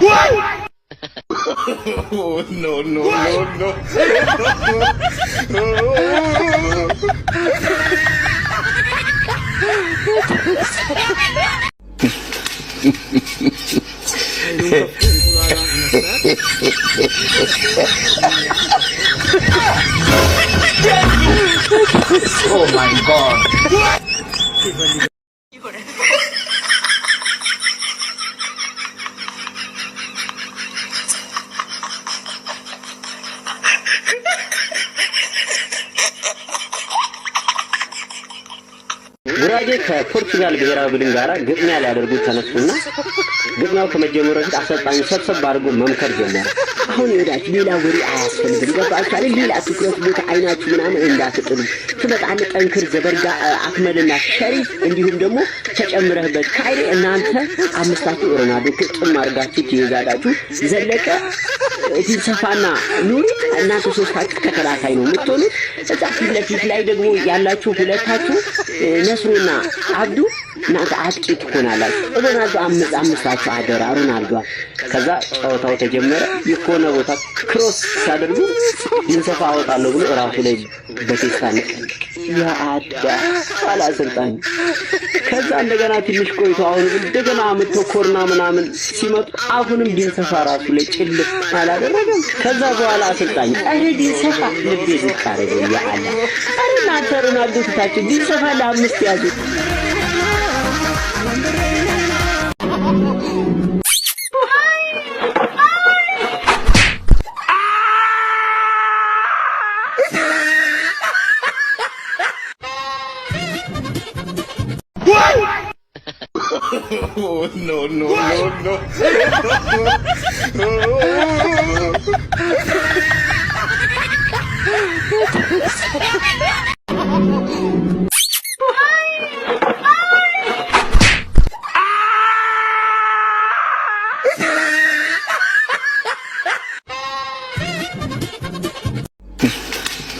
What? oh, no, no, what? no, no. oh my god. ፈራጌ ከፖርቱጋል ብሔራዊ ቡድን ጋር ግጥሚያ ሊያደርጉ ተነሱና ግጥሚያው ከመጀመሩ በፊት አሰልጣኙ ሰብሰብ አድርጎ መምከር ጀመረ። አሁን ይወዳችሁ ሌላ ወሬ አያስፈልግም። ገባችኋል? ሌላ ትኩረት ቦታ አይናችሁ ምናምን እንዳትጥሉ። ትበጣል ጠንክር፣ ዘበርጋ፣ አክመልና ሸሪፍ እንዲሁም ደግሞ ተጨምረህበት ካይሬ እናንተ አምስታችሁ ሮናልዶ ጥም አድርጋችሁ ትይዛላችሁ። ዘለቀ ሰፋና ኑሪ እናንተ ሶስታችሁ ተከላካይ ነው የምትሆኑት። እዛ ፊት ለፊት ላይ ደግሞ ያላችሁ ሁለታችሁ ነስሩና አብዱ እናንተ አጥቂት ትሆናላችሁ። እበናችሁ አምሳችሁ አደራሩን አድርጓል። ከዛ ጨዋታው ተጀመረ። የሆነ ቦታ ክሮስ ሲያደርጉ ልንሰፋ አወጣለሁ ብሎ እራሱ ላይ በቴስታ ነቀ። የአዳ አላሰልጣኝ። ከዛ እንደገና ትንሽ ቆይቶ አሁን እንደገና አምጥቶ ኮርና ምናምን ሲመጡ አሁንም ድንሰፋ ራሱ ላይ ጭልፍ አላደረገም። ከዛ በኋላ አሰልጣኝ አረ ድንሰፋ ልቤ ዝቃረገ ያለ አረ እናንተ ሮናልዶ ትታችሁ ድንሰፋ ለአምስት ያዙት oh no no no no! no.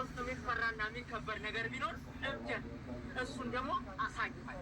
ውስጥ የሚፈራና የሚከበር ነገር ቢኖር እብደት፣ እሱን ደግሞ አሳይቷል።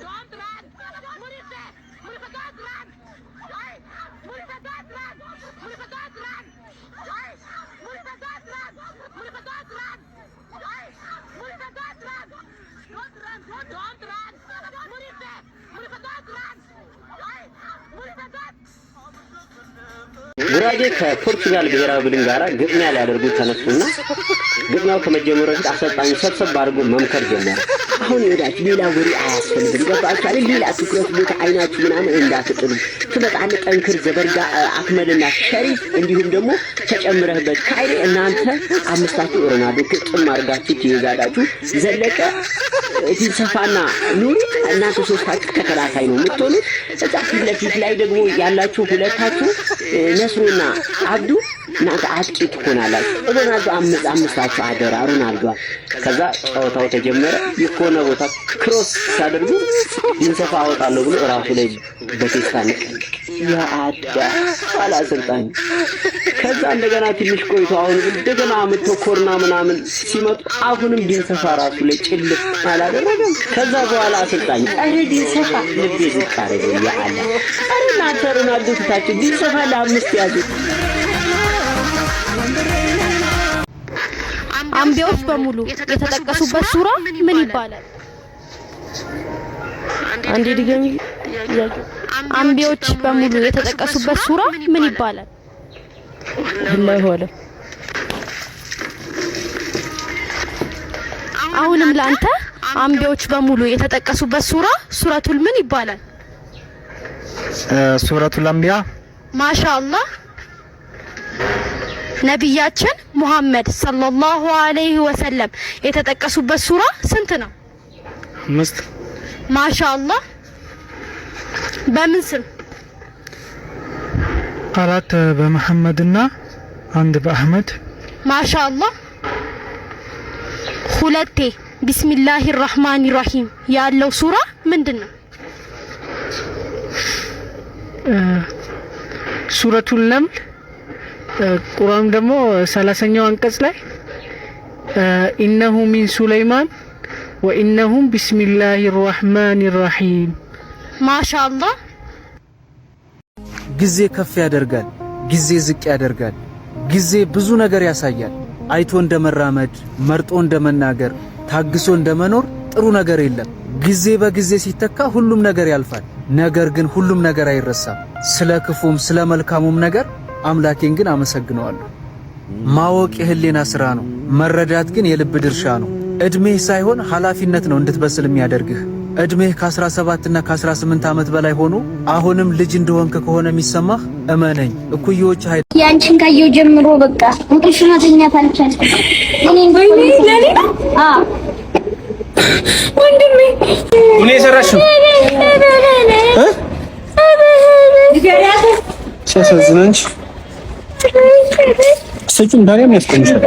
Don't run! Don't run! ጉራጌ ከፖርቱጋል ብሔራዊ ቡድን ጋር ግጥሚያ ሊያደርጉ ተነሱና ግጥሚያው ከመጀመሩ በፊት አሰልጣኙ ሰብሰብ አድርጎ መምከር ጀመረ። አሁን ይወዳች ሌላ ወሪ አያስፈልግም፣ ገባችሁ ሌላ ትኩረት ቦታ አይናችሁ ምናምን እንዳትጥሉ። ትመጣለህ፣ ጠንክር፣ ዘበርጋ፣ አክመልና ሸሪፍ እንዲሁም ደግሞ ተጨምረህበት ካይሬ፣ እናንተ አምስታችሁ ሮናልዶ ግጥም አድርጋችሁ ትይዛላችሁ። ዘለቀ እዚህ ሰፋና ኑሪ እናንተ ሶስታችሁ ተከላካይ ነው የምትሆኑት። እዛ ፊት ለፊት ላይ ደግሞ ያላችሁ ሁለታችሁ ነስሩ না আদু እናንተ አጥቂት ትሆናላችሁ። እበናችሁ አምስት አምስታችሁ አደራ ሮናልዷል። ከዛ ጨዋታው ተጀመረ። የሆነ ቦታ ክሮስ ሲያደርጉ ምንሰፋ አወጣለሁ ብሎ እራሱ ላይ በቴስታ ነ የአዳ ባለ አሰልጣኝ። ከዛ እንደገና ትንሽ ቆይቶ አሁን እንደገና አምቶ ኮርና ምናምን ሲመጡ አሁንም ዲንሰፋ ራሱ ላይ ጭልፍ አላደረገም። ከዛ በኋላ አሰልጣኝ ኧረ ዲንሰፋ ልቤ ዝቅ አደረገ። የአላ ኧረ እናንተ ሮናልዶ ትታችሁ ዲንሰፋ ለአምስት ያዙት። አንቢያዎች በሙሉ የተጠቀሱበት ሱራ ምን ይባላል? አንዴ ድገሚ። አንቢያዎች በሙሉ የተጠቀሱበት ሱራ ምን ይባላል? አላሁ አለም። አሁንም ላንተ አንቢያዎች በሙሉ የተጠቀሱበት ሱራ ሱረቱል ምን ይባላል? ሱረቱል አምቢያ ማሻአላህ ነቢያችን ሙሐመድ ሰለላሁ ዐለይሂ ወሰለም የተጠቀሱበት ሱራ ስንት ነው? አምስት። ማሻአላህ በምን ስም? አራት በመሐመድና አንድ በአህመድ። ማሻአላህ ሁለቴ ቢስሚላሂ ራህማኒ ራሂም ያለው ሱራ ምንድን ነው? ሱረቱል ነምል ቁርአን ደግሞ ሰላሳኛው አንቀጽ ላይ ኢነሁ ሚን ሱለይማን ወኢነሁም ቢስሚላሂ ራህማን ራሂም። ማሻአላህ። ጊዜ ከፍ ያደርጋል፣ ጊዜ ዝቅ ያደርጋል። ጊዜ ብዙ ነገር ያሳያል። አይቶ እንደመራመድ፣ መርጦ እንደመናገር፣ ታግሶ እንደመኖር ጥሩ ነገር የለም። ጊዜ በጊዜ ሲተካ ሁሉም ነገር ያልፋል። ነገር ግን ሁሉም ነገር አይረሳም። ስለ ክፉም ስለ መልካሙም ነገር አምላኬን ግን አመሰግነዋለሁ። ማወቅ የህሌና ስራ ነው፣ መረዳት ግን የልብ ድርሻ ነው። እድሜህ ሳይሆን ኃላፊነት ነው እንድትበስል የሚያደርግህ። እድሜህ ከ17 እና ከ18 ዓመት በላይ ሆኖ አሁንም ልጅ እንደሆንክ ከሆነ የሚሰማህ እመነኝ፣ እኩዮች ሀይ ያንቺን ካየው ጀምሮ በቃ እንቅልፍ መተኛት አልቻልኩም። ወንድሜ ምን ነው? ስጩ እንዳለም ያስቀንሻል።